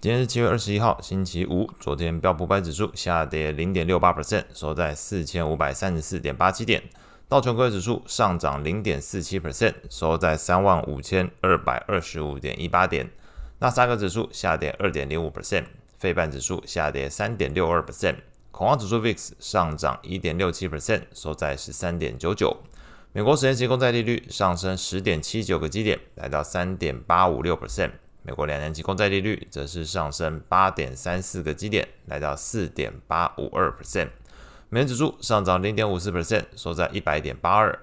今天是七月二十一號，星期五。昨天標普五百指數下跌零點六八百分，收在四千五百三十四點八七點。道瓊斯指數上漲零點四七百分，收在三萬五千二百二十五點一八點。納斯達克指數下跌二點零五百分。費半指數下跌三點六二百分。恐慌指數 VIX 上漲一點六七百分，收在十三點九九。美國十年期公債利率上升十點七九個基點，來到三點八五六百分。美國兩年期公債利率則是上升八點三四個基點，來到四點八五二 percent。美元指數上漲零點五四 percent，收在一百點八二。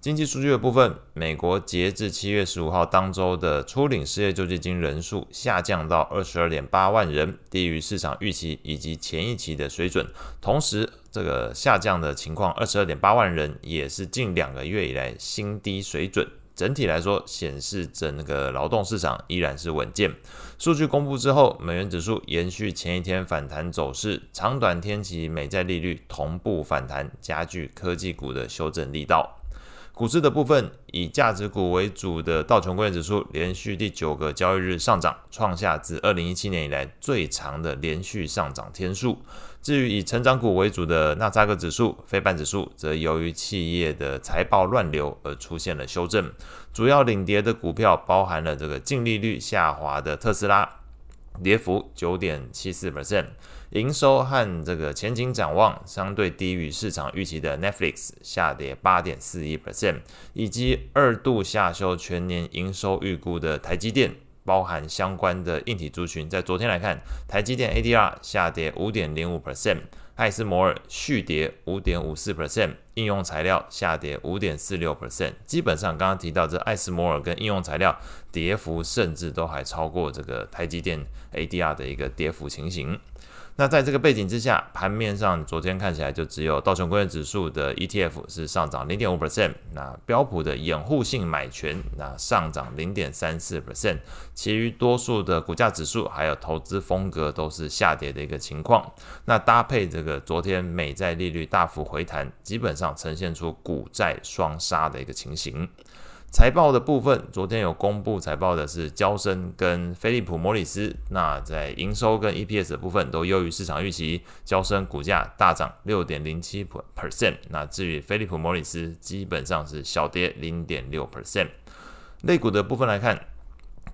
經濟數據的部分，美國截至七月十五號當周的初領失業救濟金人數下降到二十二點八萬人，低於市場預期以及前一期的水準。同時，這個下降的情況，二十二點八萬人也是近兩個月以來新低水準。整體來說，顯示整個勞動市場依然是穩健。數據公布之後，美元指數延續前一天反彈走勢，長短天期美債利率同步反彈，加劇科技股的修正力道。股市的部分，以價值股為主的道瓊工業指數連續第九個交易日上漲，創下自2017年以來最長的連續上漲天數。至於以成長股為主的納斯達克指數、費半指數，則由於企業的財報亂流而出現了修正。主要領跌的股票包含了這個淨利率下滑的特斯拉。跌幅九點七四 percent，營收和這個前景展望相對低於市場預期的 Netflix 下跌八點四一 percent，以及二度下修全年營收預估的台積電，包含相關的硬體族群，在昨天來看，台積電 ADR 下跌五點零五 percent，艾司摩爾續跌五點五四 percent。應用材料下跌五點四六 percent，基本上剛剛提到這艾司摩爾跟應用材料跌幅甚至都還超過這個台積電 ADR 的一個跌幅情形。那在這個背景之下，盤面上昨天看起來就只有道瓊工業指數的 ETF 是上漲零點五 percent，那標普的掩護性買權那上漲零點三四 percent，其餘多數的股價指數還有投資風格都是下跌的一個情況。那搭配這個昨天美債利率大幅回彈，基本上。呈現出股債雙殺的一個情形。財報的部分，昨天有公布財報的是嬌生跟菲利普摩里斯。那在營收跟 EPS 的部分都優於市場預期。嬌生股價大漲六點零七 percent。那至於菲利普摩里斯，基本上是小跌零點六 percent。類股的部分來看，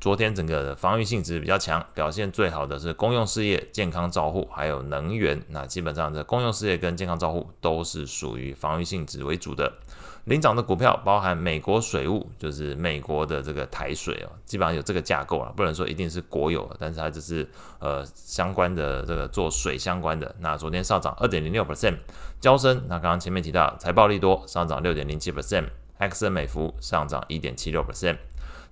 昨天整個的防禦性質比較強，表現最好的是公用事業、健康照護還有能源。那基本上這公用事業跟健康照護都是屬於防禦性質為主的。領漲的股票包含美國水務，就是美國的這個台水哦，基本上有這個架構了，啊，不能說一定是國有，但是它就是呃相關的這個做水相關的。那昨天上漲二點零六 percent，嬌生，那剛剛前面提到財報利多上漲六點零七 percent，XN 美孚上漲一點七六 percent。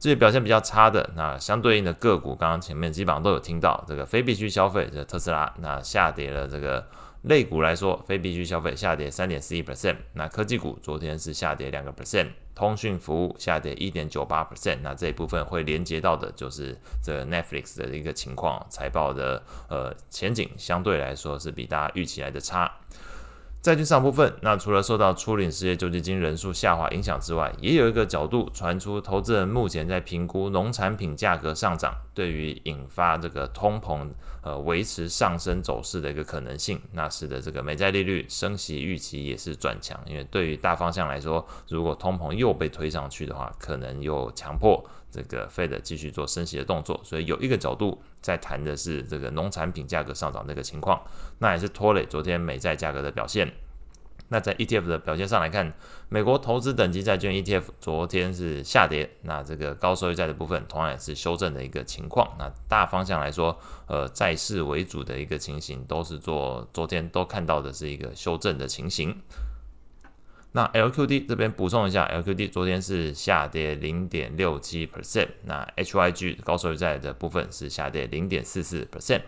至於表現比較差的，那相對應的個股，剛剛前面基本上都有聽到。這個非必需消費，這、就是、特斯拉那下跌了，這個類股來說，非必需消費下跌三點四一 percent。那科技股昨天是下跌兩個 percent，通訊服務下跌一點九八 percent。那這一部分會連接到的就是這個 Netflix 的一個情況，財報的呃前景相對來說是比大家預期來的差。債券上部分，那除了受到初領失業救濟金人數下滑影響之外，也有一個角度傳出，投資人目前在評估農產品價格上漲對於引發這個通膨呃維持上升走勢的一個可能性。那使得，這個美債利率升息預期也是轉強，因為對於大方向來說，如果通膨又被推上去的話，可能又強迫。這個 Fed 繼續做升息的動作，所以有一個角度在談的是這個農產品價格上漲這個情況，那也是拖累昨天美債價格的表現。那在 ETF 的表現上來看，美國投資等級債券 ETF 昨天是下跌，那這個高收益債的部分同樣也是修正的一個情況。那大方向來說，呃，債市為主的一個情形，都是做昨天都看到的是一個修正的情形。那 LQD 這邊補充一下，LQD 昨天是下跌零點六七 percent，那 HYG 高收益債的部分是下跌零點四四 percent。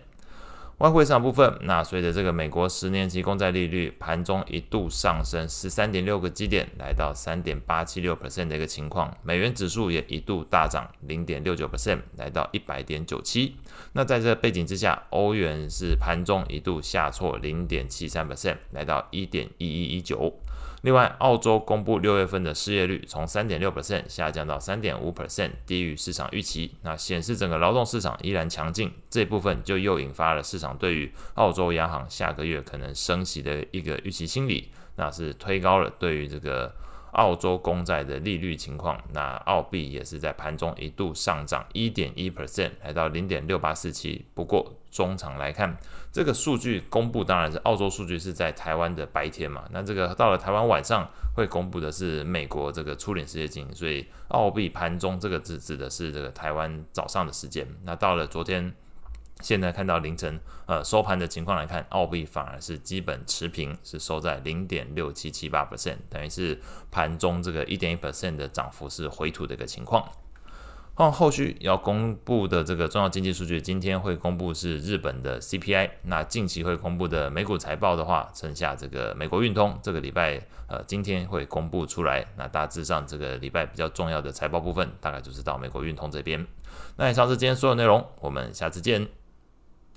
外匯上部分，那隨着這個美國十年期公債利率盤中一度上升十三點六個基點，來到三點八七六 percent 的一個情況，美元指數也一度大漲零點六九 percent，來到一百點九七。那在這個背景之下，歐元是盤中一度下挫零點七三 percent，來到一點一一一九。另外，澳洲公布六月份的失業率從三點六 percent 下降到三點五 percent，低於市場預期，那顯示整個勞動市場依然強勁。這部分就又引發了市場對於澳洲央行下個月可能升息的一個預期心理，那是推高了對於這個。澳洲公債的利率情況，那澳幣也是在盤中一度上漲一點一 percent，來到零點六八四七。不過中場來看，這個數據公布當然是澳洲數據是在台灣的白天嘛，那這個到了台灣晚上會公布的是美國這個初領失業金，所以澳幣盤中這個指指的是這個台灣早上的時間。那到了昨天。現在看到凌晨，呃收盤的情況來看，澳幣反而是基本持平，是收在零點六七七八 percent，等於是盤中這個一點一 percent 的漲幅是回吐的一個情況。啊，後續要公布的這個重要經濟數據，今天會公布是日本的 CPI，那近期會公布的美股財報的話，剩下這個美國運通，這個禮拜呃今天會公布出來，那大致上這個禮拜比較重要的財報部分，大概就是到美國運通這邊。那以上是今天所有內容，我們下次見。